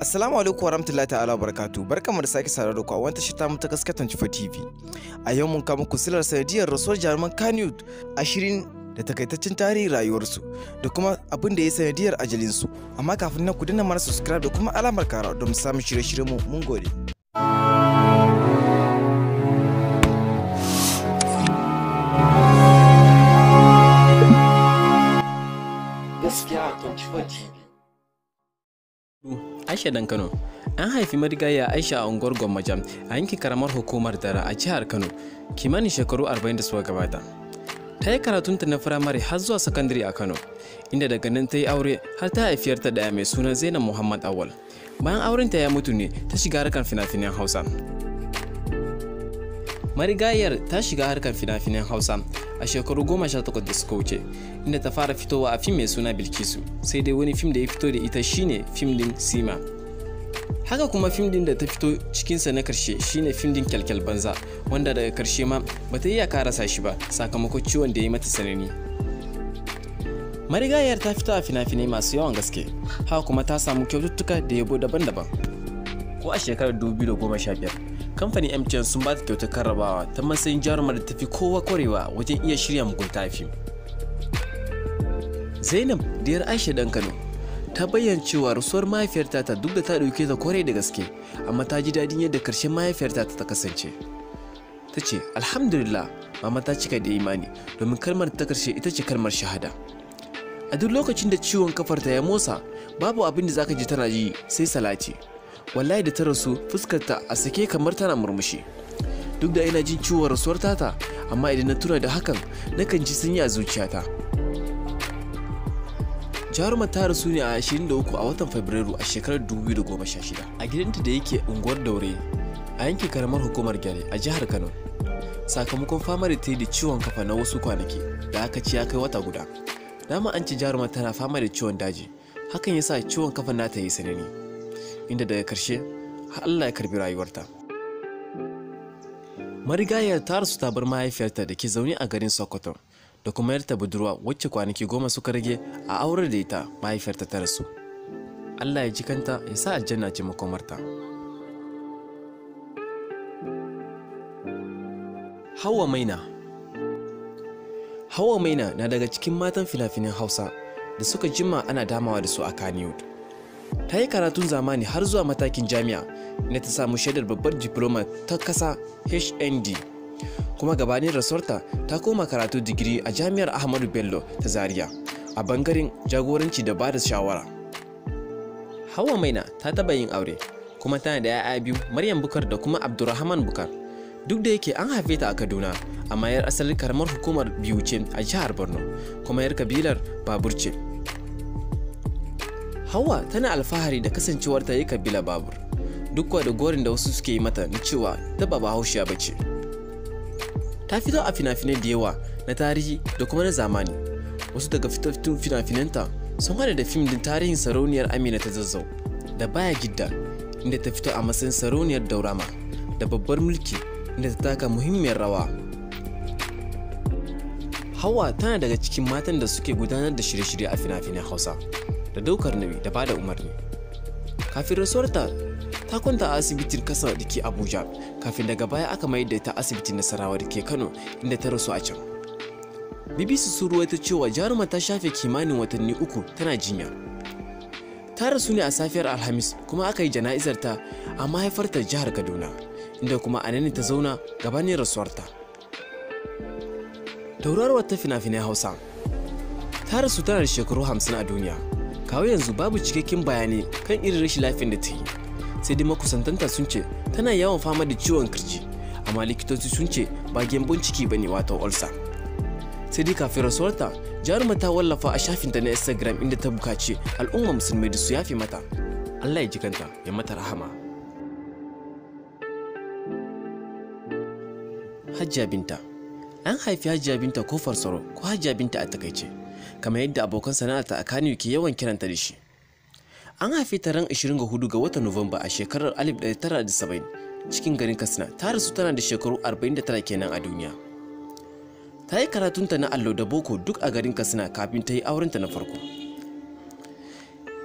Assalamu alaikum warahmatullahi ta'ala barakatu barkamu da sake saurare da ku a wata ta ta gaskatan Cifa TV. A yau mun kama kusilar sanadiyar rasuwar jaruman Kanyut ashirin da takaitaccen tarihin rayuwarsu da kuma abin da ya sanadiyar ajalinsu. Amma kafin nan ku danna mana subscribe da kuma alamar kara don samun shirye shirye mu mun gode. Gaskiya Cifa TV Aisha Dan Kano. An haifi marigayya Aisha a unguwar Gwammaja a yankin karamar hukumar Dara a jihar Kano, kimanin shekaru 40 da suka gabata. Ta yi karatunta na firamare har zuwa sakandare a Kano, inda daga nan ta yi aure har ta haifiyar ta daya mai suna Zainab Muhammad Awal. Bayan auren ta ya mutu ne ta shiga harkar fina Hausa. Marigayar ta shiga harkar fina-finan Hausa a shekaru goma sha takwas da suka wuce inda ta fara fitowa a fim mai suna bilkisu sai dai wani fim da ya fito da ita shine fim din sima haka kuma fim din da ta fito cikinsa na karshe shine fim din kyalkyal banza wanda daga karshe ma bata iya karasa shi ba sakamakon ciwon da ya mata sanani marigayar ta fito a fina-finai masu yawan gaske haka kuma ta samu kyaututtuka da yabo daban-daban ko a shekarar 2015 kamfanin mtn sun ba ta kyautar karrabawa ta matsayin jarumar da tafi kowa kwarewa wajen iya shirya mugunta fim zainab diyar aisha dan kano ta bayyana cewa rasuwar mahaifiyarta ta duk da ta ɗauke ta kwarai da gaske amma ta ji daɗin yadda karshen mahaifiyarta ta kasance ta ce alhamdulillah mama ta cika da imani domin kalmar ta karshe ita ce kalmar shahada a duk lokacin da ciwon kafarta ya motsa babu abin da zaka ji tana ji sai salati wallahi da ta rasu fuskarta a sake kamar tana murmushi duk da ina jin ciwon rasuwar tata amma idan na tuna da hakan nakan ji sanyi a zuciyata jarumar ta rasu ne a 23 a watan fabrairu a shekarar 2016 a gidanta da yake unguwar daure a yankin karamar hukumar gyare a jihar kano sakamakon fama da ta yi da ciwon kafa na wasu kwanaki da aka ci ya kai wata guda dama an ci jarumar tana fama da ciwon daji hakan yasa ciwon kafa na ta yi sanani inda daga karshe Allah ya karbi rayuwarta marigayar ta rasu ta bar mahaifiyarta da ke zaune a garin sokoto da kuma yarta budurwa wacce kwanaki goma suka rage a aurar da ita mahaifiyarta ta rasu Allah ya ji kanta ya sa aljanna ce makomarta Hawa Maina Hawa Maina na daga cikin matan fina Hausa da suka jima ana damawa da su a Kaniyudu. ta yi karatun zamani har zuwa matakin jami'a inda ta samu shaidar babbar diploma ta kasa hnd kuma gabanin rasuwarta ta koma karatu digiri a jami'ar ahmadu bello ta zaria a bangaren jagoranci da bada shawara hawa maina ta taba yin aure kuma tana da 'ya'ya biyu maryam bukar da kuma abdurrahman bukar duk da yake an haife ta a kaduna amma yar asalin karamar hukumar biyu ce a jihar borno kuma yar kabilar babur ce Hawa tana alfahari da kasancewar ta yi kabila babur, duk da gorin da wasu suke yi mata na cewa ta ba bahaushiya ba ce. Ta fito a fina-finai da yawa na tarihi da kuma na zamani. Wasu daga fitattun fina-finanta sun hada da fim din tarihin sarauniyar Amina ta zazzau da baya gidda inda ta fito a matsayin sarauniyar Daurama da babbar mulki inda ta taka muhimmiyar rawa. Hawa tana daga cikin matan da suke gudanar da shirye-shirye a fina Hausa. da daukar nauyi da bada umarni kafin rasuwarta ta kwanta a asibitin kasa da ke abuja kafin daga baya aka mai da ta asibitin nasarawa da ke kano inda ta rasu a can bbc sun ta cewa jaruma ta shafe kimanin watanni uku tana jinya ta rasu ne a safiyar alhamis kuma aka yi jana'izar ta a mahaifarta jihar kaduna inda kuma a nan ta zauna gabanin rasuwarta tauraruwar ta fina-finai hausa ta rasu tana da shekaru hamsin a duniya kawo yanzu babu cikakken bayanai kan irin rashin lafiyar da ta yi sai dai makusantanta sun ce tana yawan fama da ciwon kirji amma likitoci sun ce ba gyambon ciki ba ne wato olsa sai dai kafin rasuwarta jaruma ta wallafa a shafinta na instagram inda ta bukaci al'umma musulmai da su yafe mata allah ya ji kanta ya mata rahama hajjabinta an haifi hajjabinta ko farsoro ko hajjabinta a takaice kamar yadda abokan sana'arta a Kano ke yawan kiranta da shi. An haife ta ran 24 ga watan Nuwamba a shekarar 1970 cikin garin Katsina. Ta rasu tana da shekaru 49 kenan a duniya. Ta yi karatunta na allo da boko duk a garin Katsina kafin ta yi aurenta na farko.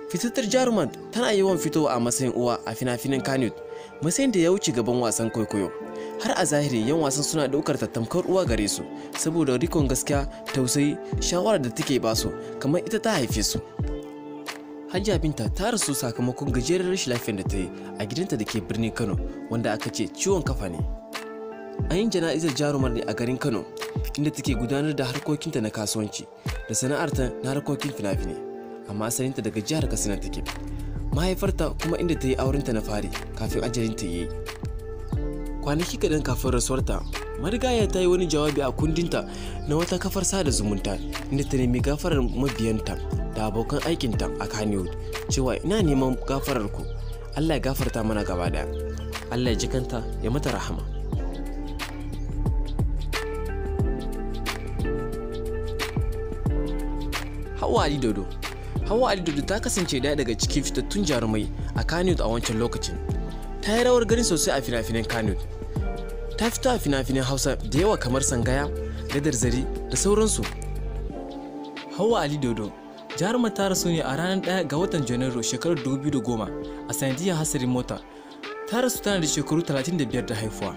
Fitatar jarumar tana yawan fitowa a matsayin uwa a fina-finan Kanut, matsayin da ya wuce gaban wasan kwaikwayo. har a zahiri yan wasan suna daukar tattamkar uwa gare su saboda rikon gaskiya tausayi shawara da take ba su kamar ita ta haife su hajja Binta ta rasu sakamakon gajeren rashin lafiyar da ta yi a gidanta da ke birnin Kano wanda aka ce ciwon kafa ne. An yi jana'izar jarumar ne a garin Kano inda take gudanar da harkokinta na kasuwanci da sana'arta na harkokin fina-finai amma asalinta daga jihar Katsina take. Mahaifarta kuma inda ta yi aurenta na fari kafin ajalinta ta yi. kwanaki kaɗan kafin rasuwarta marigaya ta yi wani jawabi a kundinta na wata kafar sada zumunta inda ta nemi gafarar mabiyanta da abokan aikinta a kanewood cewa ina neman gafarar ku allah ya gafarta mana gaba daya allah ya ji ya mata rahama hawa ali dodo hawa ali dodo ta kasance daya daga cikin fitattun jarumai a kanewood a wancan lokacin ta yi rawar gani sosai a fina-finan kanewood ta fito a fina-finan hausa da yawa kamar sangaya gadar zari da sauransu hawa ali dodo jaruma ta rasu ne a ranar 1 ga watan janairu shekarar 2010 a sanadiyar hasarin mota ta rasu tana da shekaru 35 da haifuwa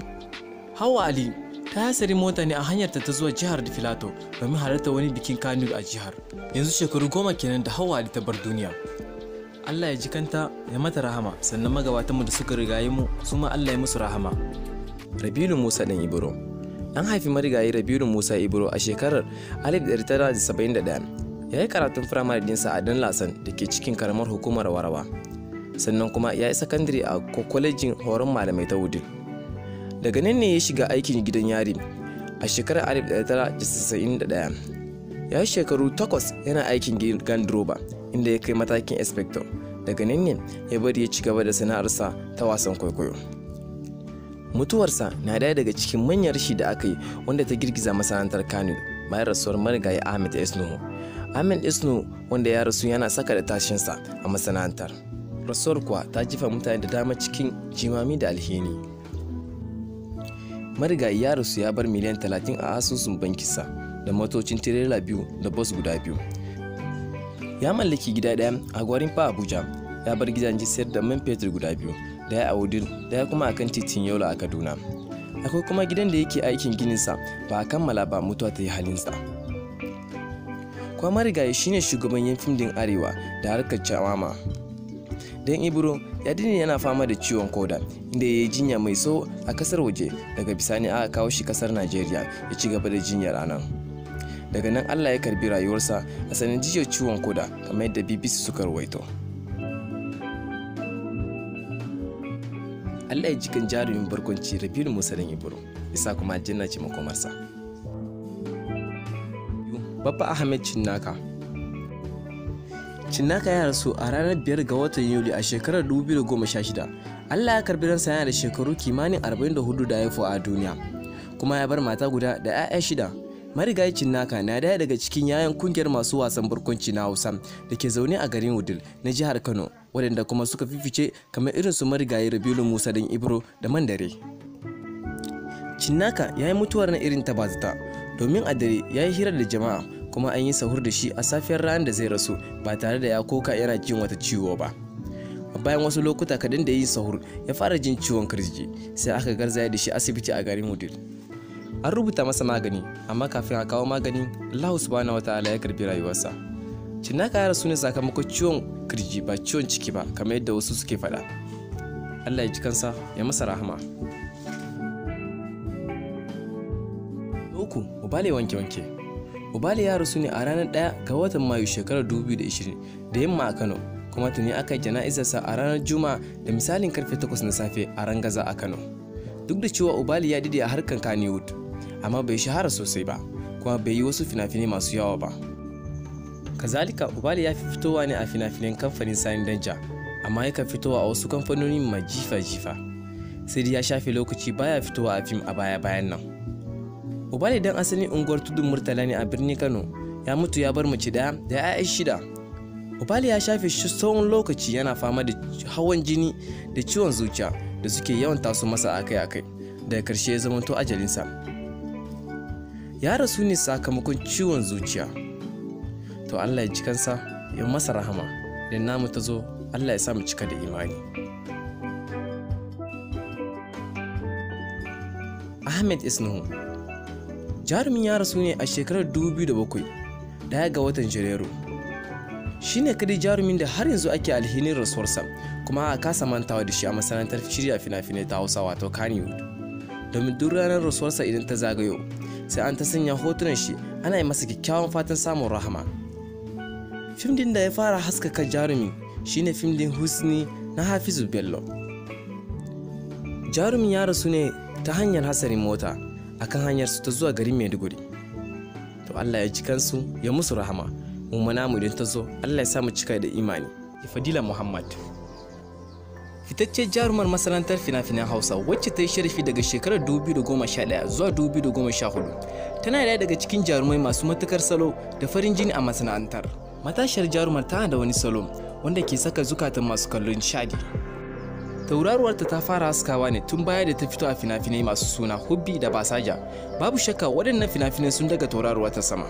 hawa ali ta hasarin mota ne a hanyar ta zuwa jihar da filato domin halarta wani bikin kanu a jihar yanzu shekaru goma kenan da hawa ali ta bar duniya Allah ya ji kanta ya mata rahama sannan magabatanmu da suka rigaye mu su ma Allah ya musu rahama Rabilu Musa ɗan Ibro An haifi marigayi Rabilu Musa Ibro a shekarar 1971. Ya yi karatun firamare dinsa a Dan Lasan da ke cikin karamar hukumar Warawa. Sannan kuma ya yi sakandare a kwalejin horon malamai ta hudu Daga nan ne ya shiga aikin gidan yari a shekarar 1991. Ya yi shekaru takwas yana aikin gandiroba inda ya kai matakin inspector. Daga nan ne ya bari ya ci gaba da sana'arsa ta wasan kwaikwayo. mutuwarsa na ɗaya daga cikin manyan rashi da aka yi wanda ta girgiza masana'antar kano bayan rasuwar marigayi ahmed isnu ahmed isnu wanda ya rasu yana saka da tashinsa a masana'antar rasuwar kuwa ta jifa mutane da dama cikin jimami da alheri marigayi ya rasu ya bar miliyan 30 a asusun bankisa da motocin tirela biyu da bus guda biyu ya mallaki gida ɗaya a gwarin fa abuja ya bar gidan sayar da man fetur guda biyu daya a wudil daya kuma akan titin yola a kaduna akwai kuma gidan da yake aikin ginin sa ba a kammala ba mutuwa ta yi halinsa kwamar shi ne shugaban yin fim din arewa da harkar cawama don ibro ya dini yana fama da ciwon koda inda ya yi jinya mai tsawo a kasar waje daga bisani aka kawo shi kasar najeriya ya ci gaba da jinya anan daga nan allah ya karbi rayuwarsa a sanin sanadiyar ciwon koda kamar yadda bbc suka rawaito Allah ya ji kan jarumin barkwanci Rabiul Musa dan Iburu isa kuma janna ce makomarsa Baba Ahmed Cinnaka Cinnaka ya rasu a ranar 5 ga watan Yuli a shekarar 2016 Allah ya karbi ransa yana da shekaru kimanin 44 da haifu a duniya kuma ya bar mata guda da 'ya'ya shida marigayi cinnaka na daya daga cikin yayan kungiyar masu wasan barkwanci na hausa da ke zaune a garin wudil na jihar kano waɗanda kuma suka fifice kamar irin su marigayi Rabilu Musa dan Ibro da Mandare. Cinnaka ya yi mutuwar na irin ta bazata domin a dare ya yi hira da jama'a kuma an yi sahur da shi a safiyar ranar da zai rasu ba tare da ya koka yana jin wata ciwo ba. bayan wasu lokuta kadan da ya yi sahur ya fara jin ciwon kirji sai aka garzaya da shi asibiti a garin mudil an rubuta masa magani amma kafin a kawo maganin allah subhanahu wataala ya karbi rayuwarsa cinnaka yara su ne sakamakon ciwon kirji ba ciwon ciki ba kamar yadda wasu suke faɗa allah ya ji kansa ya masa rahama uku ubale wanke-wanke ubale ya rasu ne a ranar ɗaya ga watan mayu shekarar 2020 da yamma a kano kuma tuni aka yi jana'izarsa a ranar juma'a da misalin karfe 8 na safe a rangaza a kano duk da cewa ubali ya dide a harkar kaniwood amma bai shahara sosai ba kuma bai yi wasu fina-finai masu yawa ba kazalika ubali ya fi fitowa ne a fina-finan kamfanin sani danja amma yakan fitowa a wasu kamfanoni mai jifa-jifa sai dai ya shafe lokaci baya fitowa a fim a baya-bayan nan ubali dan asalin unguwar tudun murtala ne a birnin kano ya mutu ya bar mace daya da 'ya'ya shida ubali ya shafe shi tsawon lokaci yana fama da hawan jini da ciwon zuciya da suke yawan taso masa akai-akai daga karshe ya zamanto ajalinsa ya rasu ne sakamakon ciwon zuciya to Allah ya ci kansa ya masa rahama idan namu ta zo Allah ya sa mu cika da imani Ahmed Isnuhu jarumin ya rasu ne a shekarar 2007 daya ga watan Janairu shi ne kadai jarumin da har yanzu ake alhinin rasuwarsa kuma a kasa mantawa da shi a masana'antar shirya fina-finai ta Hausa wato kaniwood domin duk ranar rasuwarsa idan ta zagayo sai an ta sanya hotunan shi ana yi masa kyakkyawan fatan samun rahama fim din da ya fara haskaka jarumi shine fim din husni na hafizu bello jarumin ya rasu ne ta hanyar hasarin mota akan hanyar su ta zuwa garin maiduguri to allah ya ci kansu ya musu rahama mu namu idan ta zo allah ya sa mu cika da imani ya fadila muhammad fitaccen jarumar masarantar fina-finan hausa wacce ta yi sharafi daga shekarar 2011 zuwa 2014 tana daya daga cikin jarumai masu matukar salo da farin jini a masana'antar matashiyar jarumar tana da wani salon wanda ke saka zukatan masu kallon shadi tauraruwarta ta fara haskawa ne tun baya da ta fito a finafinai masu suna hubbi da basaja babu shakka waɗannan finafinai finai sun daga tauraruwa ta sama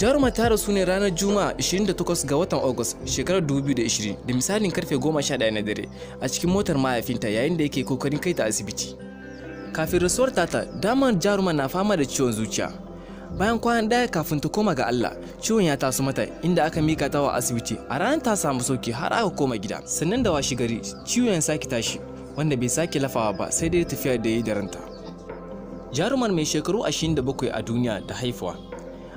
jarumar ta rasu ne ranar juma'a 28 ga watan august shekarar 2020 da misalin karfe 11 na dare a cikin motar mahaifinta yayin da yake kokarin kai ta asibiti kafin rasuwar tata damar jaruma na fama da ciwon zuciya bayan kwana daya kafin ta koma ga Allah ciwon ya taso mata inda aka mika ta wa asibiti a ranar ta samu sauki har aka koma gida sannan da washi gari ciwon ya sake tashi wanda bai sake lafawa ba sai dai tafiya da yi da ranta jarumar mai shekaru 27 a duniya da haifuwa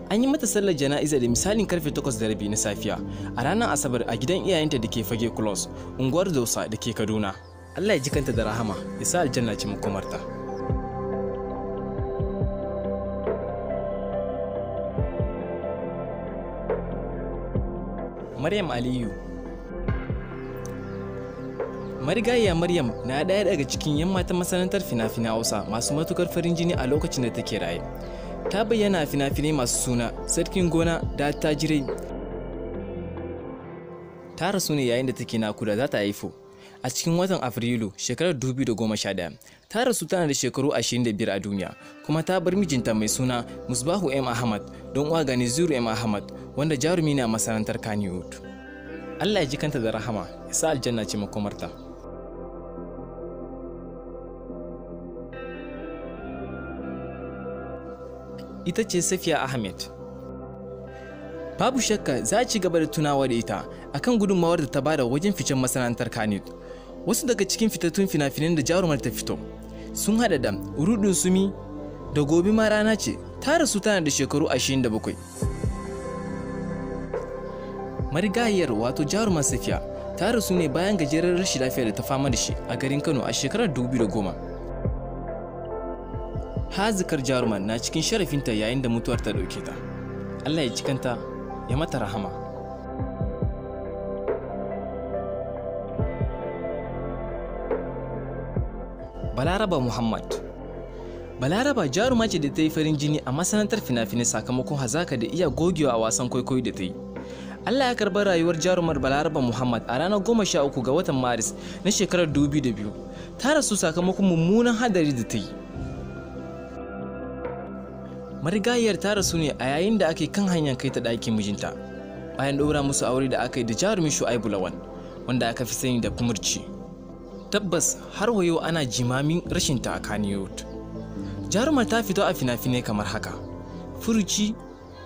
an yi mata sallar jana'iza da misalin karfe 8 da rabi na safiya a ranar asabar a gidan iyayenta da ke fage close unguwar dosa da ke kaduna allah ya ji kanta da rahama ya sa aljanna ce makomarta Maryam Aliyu Marigayya Maryam na ɗaya daga cikin 'yan matan masanantar fina finai Hausa masu matukar farin jini a lokacin da take raye. Ta bayyana fina-finai masu suna Sarkin Gona da Tajirai. Ta rasu ne yayin da take nakuda za ta haifo. a cikin watan Afrilu shekarar 2011. Ta rasu tana da shekaru 25 a duniya, kuma ta bar mijinta mai suna Musbahu M. Ahmad don uwa ga Naziru M. Ahmad wanda jarumi ne a masarantar kaniwood Allah ya ji kanta da rahama, ya sa aljanna ce makomarta. ita ce Safiya Ahmed babu shakka za a ci gaba da tunawa da ita akan gudunmawar da ta bada wajen ficen masana'antar kanit wasu daga cikin fitattun fina-finan da jarumar ta fito sun hada da rudin sumi da gobe ma rana ce ta rasu tana da shekaru 27 marigayiyar wato jarumar safiya ta rasu ne bayan gajerar rashin lafiya da ta fama da shi a garin kano a shekarar 2010 hazikar jarumar na cikin sharafinta yayin da mutuwar ta dauke ta allah ya cikanta ya mata rahama balaraba muhammad balaraba jaruma ce da ta yi farin jini a masanantar fina-finai sakamakon hazaka da iya gogewa a wasan kwaikwayo da ta yi allah ya karbar rayuwar jarumar balaraba muhammad a ranar goma sha uku ga watan maris na shekarar 2002 ta rasu sakamakon mummunan hadari da ta yi marigayiyar ta rasu ne a yayin da ake kan hanyar kai ta ɗakin mijinta bayan ɗora musu aure da aka yi da jarumin shu'aibu lawan wanda aka fi sani da kumurci tabbas har wayo ana jimamin rashin ta a kaniyot jarumar ta fito a fina-finai kamar haka furuci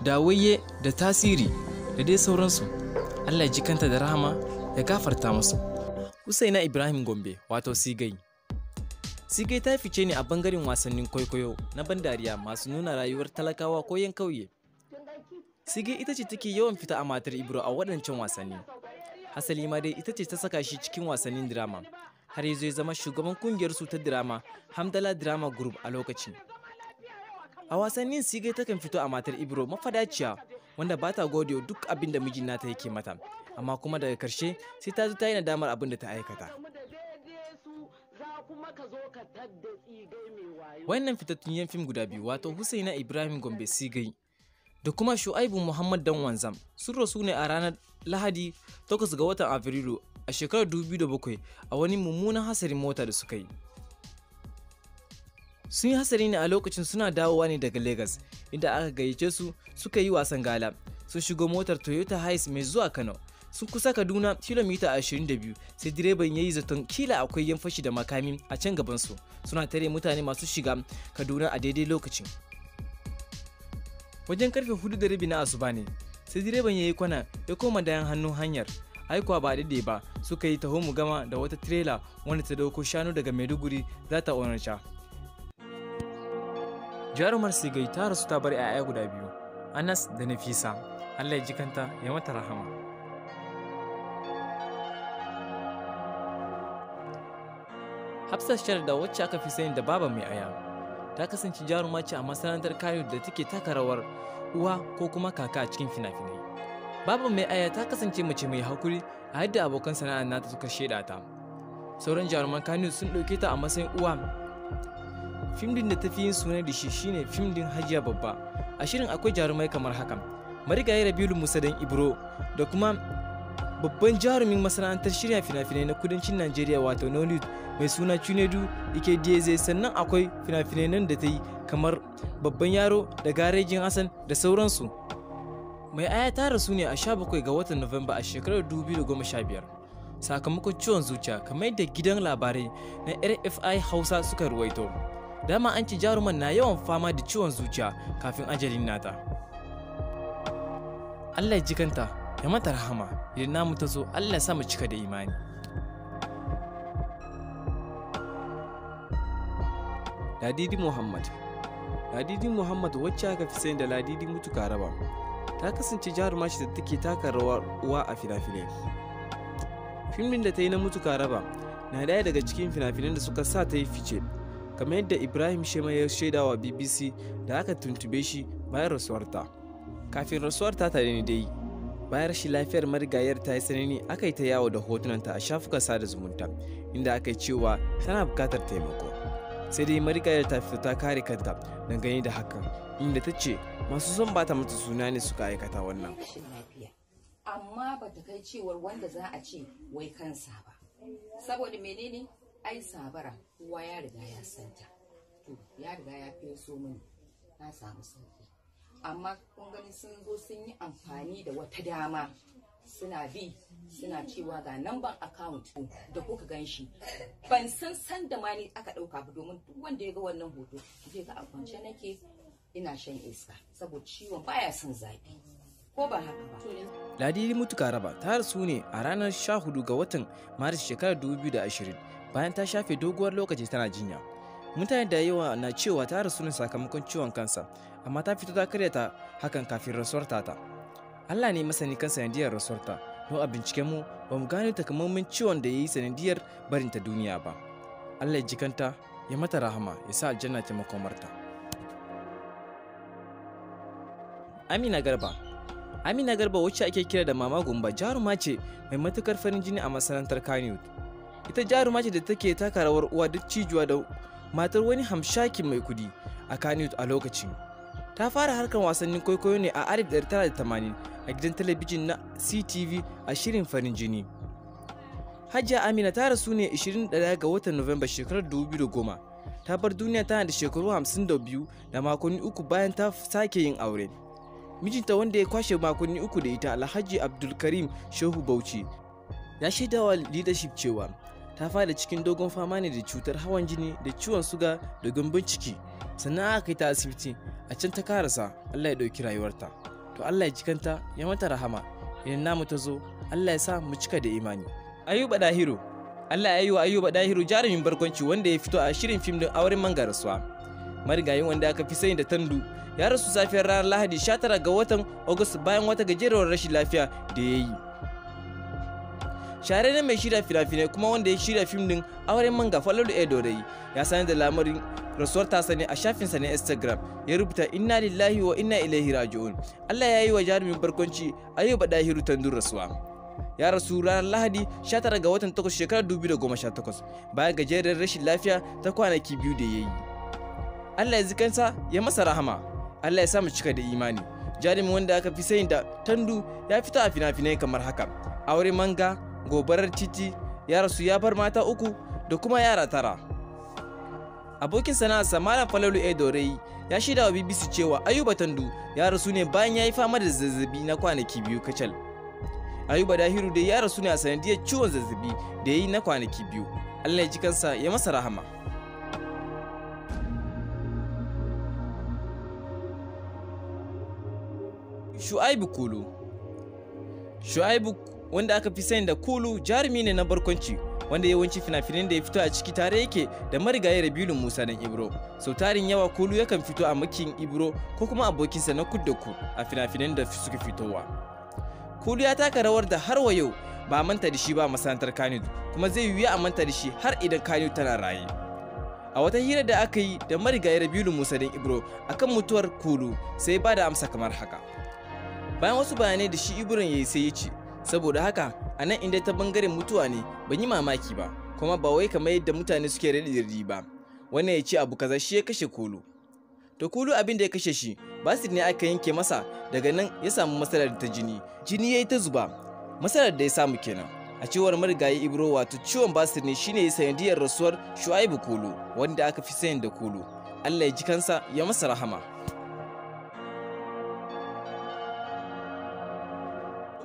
waye da tasiri da dai sauransu allah ji kanta da rahama ya gafarta musu husaina ibrahim gombe wato sigai Sigai ta fice ne a bangaren wasannin kwaikwayo na bandariya masu nuna rayuwar talakawa ko yan kauye. Sigai ita ce take yawan fita a matar Ibro a waɗancan wasanni. Hasali ma dai ita ce ta saka shi cikin wasannin drama. Har yanzu ya zama shugaban kungiyar su ta drama Hamdala Drama Group a lokacin. A wasannin Sigai takan fito a matar Ibro mafadaciya wanda ba ta gode duk abin da mijin nata yake mata amma kuma daga karshe sai ta ji ta yi nadamar abin da ta aikata Wannan fitattun yan fim guda biyu wato Husaina Ibrahim Gombe Sigai da kuma Shu'aibu Muhammad Dan Wanzam sun rasu ne a ranar Lahadi 8 ga watan Afrilu a shekarar 2007 a wani mummunan hasarin mota da suka yi. Sun yi hasari ne a lokacin suna dawowa ne daga Legas inda aka gayyace su suka yi wasan gala sun shigo motar Toyota Hiace mai zuwa Kano sun kusa Kaduna kilomita 22 sai direban ya yi zaton kila akwai yan fashi da makami a can gabansu suna tare mutane masu shiga Kaduna a daidai lokacin. Wajen karfe hudu da rabi na asuba ne sai direban ya yi kwana ya koma dayan hannun hanyar aikuwa ba daidai ba suka yi taho mu gama da wata tirela wanda ta dauko shanu daga maiduguri za ta onarca jarumar sigai ta rasu ta bar 'ya'ya guda biyu anas da nafisa allah ya jikanta ya mata rahama Hafsat Sharda wacce aka fi sani da Baba Mai Aya ta kasance jaruma ce a masana'antar Kano da take taka rawar uwa ko kuma kaka a cikin fina-finai. Baba Mai Aya ta kasance mace mai hakuri a yadda abokan sana'ar nata suka shaida ta. Sauran jaruman kanu sun ɗauke ta a matsayin uwa. Fim din da ta fi yin suna da shi shine fim din Hajiya Babba. A shirin akwai jarumai kamar haka. Marigayi Rabiulu Musa dan Ibro da kuma babban jarumin masana'antar shirya fina-finai na kudancin najeriya wato nollywood mai suna chunedu ikedieze sannan akwai fina-finai nan da ta yi kamar babban yaro da garejin hassan da sauransu mai aya ta rasu ne a 17 ga watan Nuwamba a shekarar 2015 sakamakon ciwon zuciya kamar da gidan labarai na RFI Hausa suka ruwaito. Dama an ci jaruman na yawan fama da ciwon zuciya kafin ajalin nata. Allah ya jikanta ya mata rahama idan namu ta zo Allah sa mu cika da imani Ladidi Muhammad Ladidi Muhammad wacce aka fi sayin da Ladidi Mutuka Raba ta kasance jaruma shi da take taka rawar uwa a fina Filmin da ta yi na Mutuka Raba na daya daga cikin fina da suka sa ta yi fice kamar yadda Ibrahim Shema ya shaida wa BBC da aka tuntube shi bayan rasuwarta. Kafin rasuwarta ta ne dai bayar shi lafiyar marigayar ta yi sanani aka yi ta yawo da hotunanta a shafukan sada zumunta inda aka yi cewa tana bukatar taimako sai dai marigayar ta fito ta kare kanta gani da hakan inda ta ce masu son bata mata suna ne suka aikata wannan amma ba ta kai cewar wanda za a ce wai kansa ba saboda menene ai sabara kowa ya riga ya santa to ya riga ya feso mini na samu sauki amma kun gani sun zo sun yi amfani da wata dama suna bi suna cewa ga namban account da kuka gan shi ban san san da ma ni aka ɗauka ba domin duk wanda ya ga wannan hoto zai ga a nake ina shan iska saboda ciwon baya son zafi ko ba haka ba. Ladidi Mutukaraba ta rasu ne a ranar 14 ga watan Maris shekarar 2020 bayan ta shafe doguwar lokaci tana jinya. mutane da yawa na cewa ta rasu ne sakamakon ciwon kansa amma ta fito ta karyata hakan kafin rasuwar ta allah ne masani kan sanadiyar rasuwar ta don a binciken mu ba mu gano takamaiman ciwon da ya yi sanadiyar barin ta duniya ba allah ya jikanta ya mata rahama ya sa aljanna ta makomarta amina garba amina garba wacce ake kira da mama gumba jaruma ce mai matukar farin jini a masana'antar Kano. ita jaruma ce da take taka rawar uwa duk cijuwa da matar wani hamshakin mai kudi a kanut a lokacin ta fara harkar wasannin kwaikwayo ne a 1980 a gidan talabijin na ctv a shirin farin jini hajiya amina ta rasu ne 21 ga watan Novemba shekarar 2010 ta bar duniya tana da shekaru 52 da makonni uku bayan ta sake yin aure mijinta wanda ya kwashe makonni uku da ita alhaji abdulkarim shehu bauchi ya shaidawa leadership cewa ta fada cikin dogon fama ne da cutar hawan jini da ciwon suga da gumbin ciki sannan aka kai ta asibiti a can ta karasa Allah ya ɗauki rayuwarta to Allah ya jikanta ya mata rahama idan namu ta zo Allah ya sa mu cika da imani Ayuba Dahiru Allah ya yi wa Ayuba Dahiru jarumin barkwanci wanda ya fito a shirin fim din auren manga rasuwa marigayin wanda aka fi sani da tandu ya rasu safiyar ranar Lahadi 19 ga watan Agusta bayan wata gajerar rashin lafiya da ya yi share na mai shirya fina-finai kuma wanda ya shirya fim din auren manga falalu edo dai ya sanar da lamarin rasuwar tasa ne a sa na instagram ya rubuta inna lillahi wa inna ilaihi raji'un allah ya yi wa jarumin barkwanci ayuba dahiru tandun rasuwa ya rasu ranar lahadi 19 ga watan 8 shekarar 2018 bayan gajeren rashin lafiya ta kwanaki biyu da ya yi allah ya zikansa ya masa rahama allah ya samu cika da imani jarumin wanda aka fi sayin da tandu ya fita a fina-finai kamar haka aure manga gobarar titi ya rasu ya bar mata uku da kuma yara tara abokin sana'arsa malam falalu edorei ya shaida wa bbc cewa ayuba tandu ya rasu ne bayan ya yi fama da zazzabi na kwanaki biyu kacal ayuba dahiru dai ya rasu ne a sanadiyar ciwon zazzabi da ya yi na kwanaki biyu allah ya ji kansa ya masa rahama shu'aibu kulu shu'aibu wanda aka fi sani da Kulu jarumi ne na barkwanci wanda yawanci fina-finan da ya fito a ciki tare yake da marigayi Rabilu Musa dan Ibro. Sau tarin yawa Kulu yakan fito a makin Ibro ko kuma abokinsa na kud da a fina-finan da suka fitowa. Kulu ya taka rawar da har wa yau ba a manta da shi ba masana'antar Kanidu kuma zai yiwu a manta da shi har idan kanu tana raye. A wata hira da aka yi da marigayi Rabilu Musa dan Ibro akan mutuwar Kulu sai ba da amsa kamar haka. Bayan wasu bayanai da shi Ibron ya yi sai ya ce saboda haka a nan inda ta bangaren mutuwa ne ban yi mamaki ba kuma ba wai kamar yadda mutane suke raɗi ba wannan ya ce abu kaza shi ya kashe kolo to kulu abin da ya kashe shi basir ne aka yanke masa daga nan ya samu matsalar ta jini jini ya yi ta zuba matsalar da ya samu kenan a cewar marigayi ibro wato ciwon basir ne shine ya sanadiyar rasuwar shu'aibu kulu wanda aka fi sayin da kulu allah ya ji kansa ya masa rahama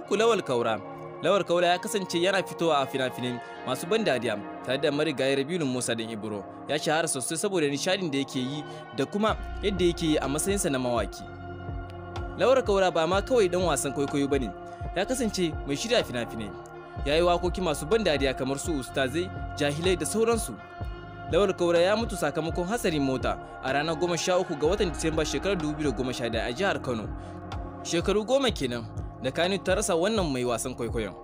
uku lawal kaura lawal kaura ya kasance yana fitowa a fina-finai masu ban dariya tare da marigayi rabilun musa dan ibro ya shahara sosai saboda nishadin da yake yi da kuma yadda yake yi a matsayinsa na mawaki lawar kaura ba ma kawai dan wasan kwaikwayo ba ne ya kasance mai shirya fina-finai ya yi wakoki masu ban dariya kamar su ustazai jahilai da sauransu lawar kaura ya mutu sakamakon hatsarin mota a ranar goma sha uku ga watan disamba shekarar daya a jihar kano shekaru goma kenan da kanu ta rasa wannan mai wasan kwaikwayon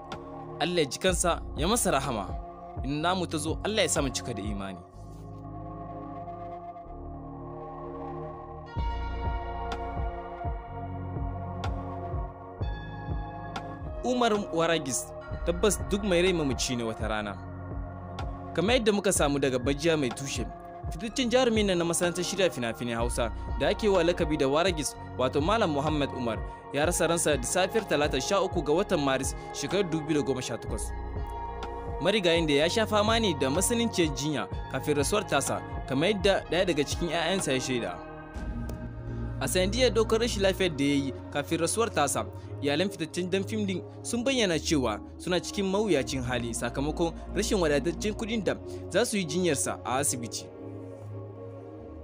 Allah ya ji kansa ya masa rahama in namu ta zo Allah ya sa cika da imani Umar Waragis tabbas duk mai rai mamaci ne wata rana kamar yadda muka samu daga bajiya mai tushe fitaccen jarumin nan na masanantar shirya fina-finai hausa da ake wa lakabi da waragis wato malam muhammad umar ya rasa ransa da safiyar talata sha uku ga watan maris shekarar da takwas marigayin da ya sha fama ne da masaninciyar jinya kafin rasuwar tasa kamar yadda daya daga cikin 'ya'yansa ya shaida a sanadiyar dokar rashin lafiyar da ya yi kafin rasuwar tasa iyalan fitaccen dan fim din sun bayyana cewa suna cikin mawuyacin hali sakamakon rashin wadataccen kudin da za su yi jinyarsa a asibiti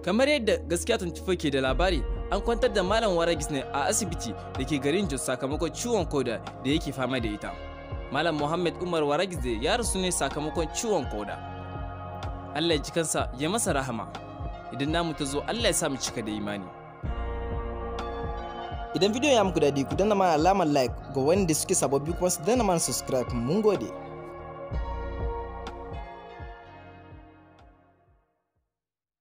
kamar yadda gaskiya 24 ke da labari an kwantar da malam waragis ne a asibiti da ke garin jos sakamakon ciwon koda da yake fama da ita malam muhammad umar waragis da ya rasu ne sakamakon ciwon koda allah ya kansa ya masa rahama idan namu ta zo allah ya sa mu cika da imani idan bidiyon ya muku daɗi ku danna mana alamar like ga wanda suke sababbi kuma su danna mana subscribe mun gode